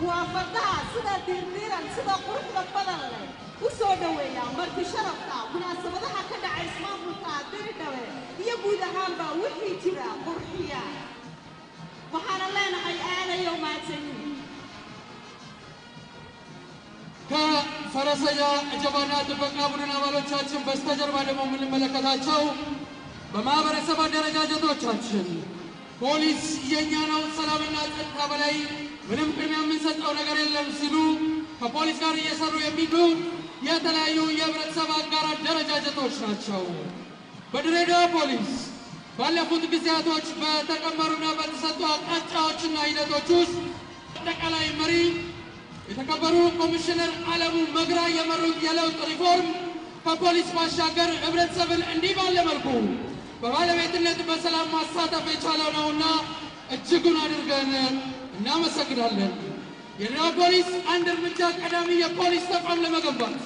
waa fardaha sida diirdiiran sida quruxda badan leh u soo dhoweeya marti sharafka munaasabadaha ka dhacay ismaamulka diridhabe iyo guud ahaanba wixii jira qurxiya waxaana leenahay aadayo mahadsanin ካ ፈረሰኛ ጀበና ጥበቃ ቡድን አባሎቻችን በስተጀርባ ደግሞ የምንመለከታቸው በማህበረሰብ አደረጃጀቶቻችን ፖሊስ የኛ ነው፣ ሰላምና ጸጥታ በላይ ምንም ቅድሚያ የምንሰጠው ነገር የለም ሲሉ ከፖሊስ ጋር እየሰሩ የሚሉ የተለያዩ የህብረተሰብ አጋር አደረጃጀቶች ናቸው። በድሬዳዋ ፖሊስ ባለፉት ጊዜያቶች በተቀመሩና በተሰጡ አቅጣጫዎችና ሂደቶች ውስጥ አጠቃላይ መሪ የተከበሩ ኮሚሽነር አለሙ መግራ የመሩት የለውጥ ሪፎርም ከፖሊስ ባሻገር ህብረተሰብን እንዲህ ባለ መልኩ በባለቤትነት በሰላም ማሳተፍ የቻለው ነውና እጅጉን አድርገን እናመሰግናለን። የድራ ፖሊስ አንድ እርምጃ ቀዳሚ የፖሊስ ተቋም ለመገንባት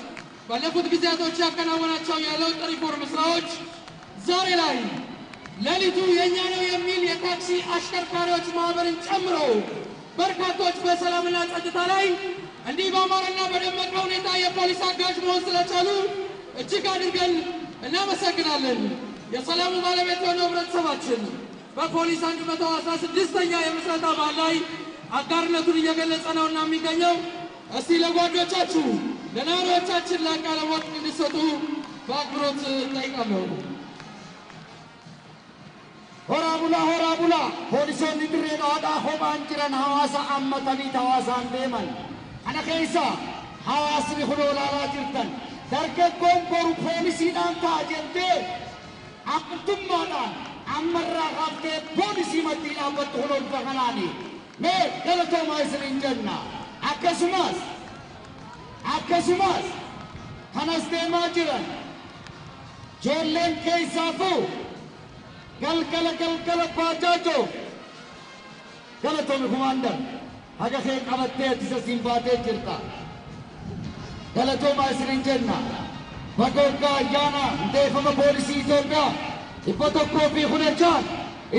ባለፉት ጊዜያቶች ያከናወናቸው የለውጥ ሪፎርም ስራዎች ዛሬ ላይ ሌሊቱ የእኛ ነው የሚል የታክሲ አሽከርካሪዎች ማህበርን ጨምሮ በርካቶች በሰላምና ጸጥታ ላይ እንዲህ በአማረና በደመቀ ሁኔታ የፖሊስ አጋዥ መሆን ስለቻሉ እጅግ አድርገን እናመሰግናለን። የሰላሙ ባለቤት የሆነው ህብረተሰባችን በፖሊስ አንድ መቶ አስራ ስድስተኛ የምስረታ በዓል ላይ አጋርነቱን እየገለጸ ነውና የሚገኘው እስቲ ለጓዶቻችሁ ለነዋሪዎቻችን ለአቃለቦት እንዲሰጡ በአክብሮት እንጠይቃለሁ። ሆራቡላ ሆራቡላ ሆራ ቡላ ፖሊሶን ድሬ ዳዳ ሆባን ጅረን ሐዋሳ አመተኒት ሐዋሳን ደመን ከነ ኬሳ ሐዋስኒ ሁሎላላ ጅርተን ደርገጎን ቦሩ ፖሊሲዳን ታ ጀቴ أقدمنا عمر رغبت بوليسي مدينة بطولون فغناني مير يلتو ما يسرين جنة أكسماس أكسماس خنس دي ماجرا جولين كي سافو قل قل قل قل باجاجو قلتو الكوماندر هكا خير قبتي تسسين باتي جلتا قلتو ما يسرين جنة bakka ayyaana hundeeffama poolisii Itoophiyaa dhibba tokkoo fi kudha jaha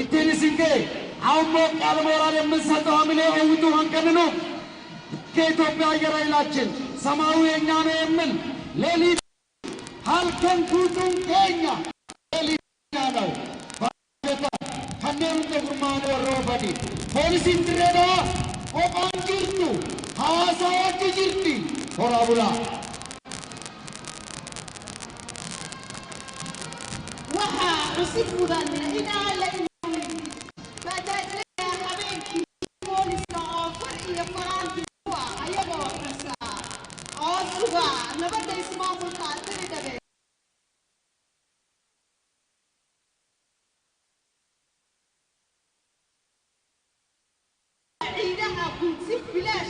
ittiin isin የምንሰጠው አምሌ እውጡ አንቀን ነው ከኢትዮጵያ አየር ኃይላችን ሰማዩ የኛ ነው የምል ሌሊት ሀልከን ጉጡን ከኛ ሌሊት ነው ከነሩ ተጉርማን ወረበኒ ፖሊሲን ድሬዳዋ ቆጳን ጅርቱ ሀዋሳዎች ጅርቲ سيبوا بالنا إلى على فأتات لنا حبيبتي بوليسنا أو فرقية فرانتي سوا أيضا وكسا أو سوا نبدأ اسمه متعطر دبي عيدها بنسيب بلاش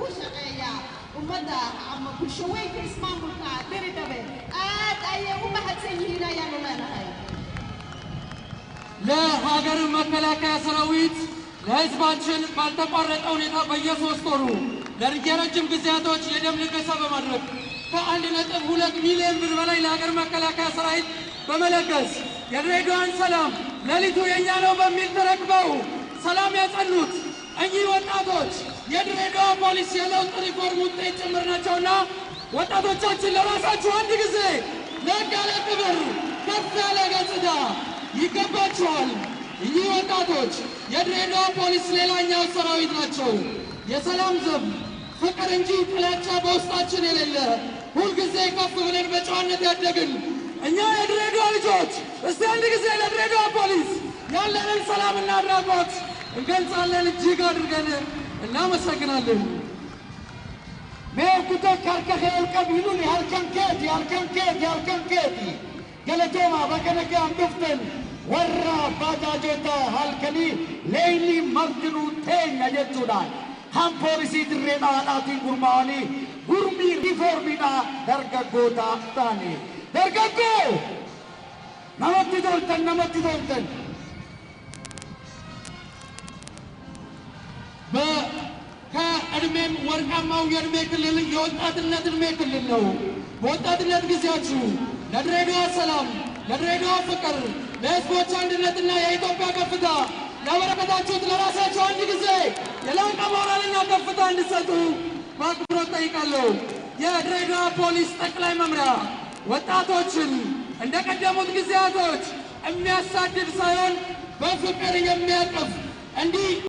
وش عيا ومدى عم كل شوي في اسمه متعطر دبي آت أيام ما هتسيهينا يا نمانا هاي ለሀገር መከላከያ ሰራዊት ለህዝባችን ባልተቋረጠ ሁኔታ በየሶስት ወሩ ለረጅም ጊዜያቶች የደም ልገሳ በማድረግ ከአንድ ነጥብ ሁለት ሚሊዮን ብር በላይ ለሀገር መከላከያ ሰራዊት በመለገስ የድሬዳዋን ሰላም ሌሊቱ የእኛ ነው በሚል ተረክበው ሰላም ያጸኑት እኚህ ወጣቶች የድሬዳዋ ፖሊስ የለውጥ ሪፎርም ውጤት ጭምር ናቸውና ወጣቶቻችን ለራሳችሁ አንድ ጊዜ ለግ ያለ ክብር ከፍ ያለ ገጽታ ይገባ ይላቸዋል። እኚህ ወጣቶች የድሬዳዋ ፖሊስ ሌላኛው ሰራዊት ናቸው። የሰላም ዘብ ፍቅር እንጂ ጥላቻ በውስጣችን የሌለ ሁልጊዜ ከፍ ብለን በጨዋነት ያደግን እኛ የድሬዳዋ ልጆች እስቲ አንድ ጊዜ ለድሬዳዋ ፖሊስ ያለንን ሰላምና አድናቆት እንገልጻለን። እጅግ አድርገን እናመሰግናለን። ሜር ኩተ ከርከኸ የልቀብ ይሉን ያልከንኬት ያልከንኬት ያልከንኬት Galateema bakka nagee hambifteen warra abbaa jaajotaa halkanii leeyli mabdinuu teenya jechuudha. Kan poolisii dirree dhaadhaatiin gurmaa'anii gurmii riifoormiidhaa dargaggoota ta'ani. Dargaggoo! Namatti toltan namatti toltan. ከእድሜ ወርቃማው የእድሜ ክልል የወጣትነት እድሜ ክልል ነው። በወጣትነት ጊዜያችሁ ለድሬዳዋ ሰላም፣ ለድሬዳዋ ፍቅር፣ ለህዝቦች አንድነትና የኢትዮጵያ ከፍታ ለበረከታችሁት ለራሳቸው አንድ ጊዜ የላቀ ሞራልና ከፍታ እንድሰጡ በአክብሮት ጠይቃለሁ። የድሬዳዋ ፖሊስ ጠቅላይ መምሪያ ወጣቶችን እንደ ቀደሙት ጊዜያቶች የሚያሳድድ ሳይሆን በፍቅር የሚያቅፍ እንዲህ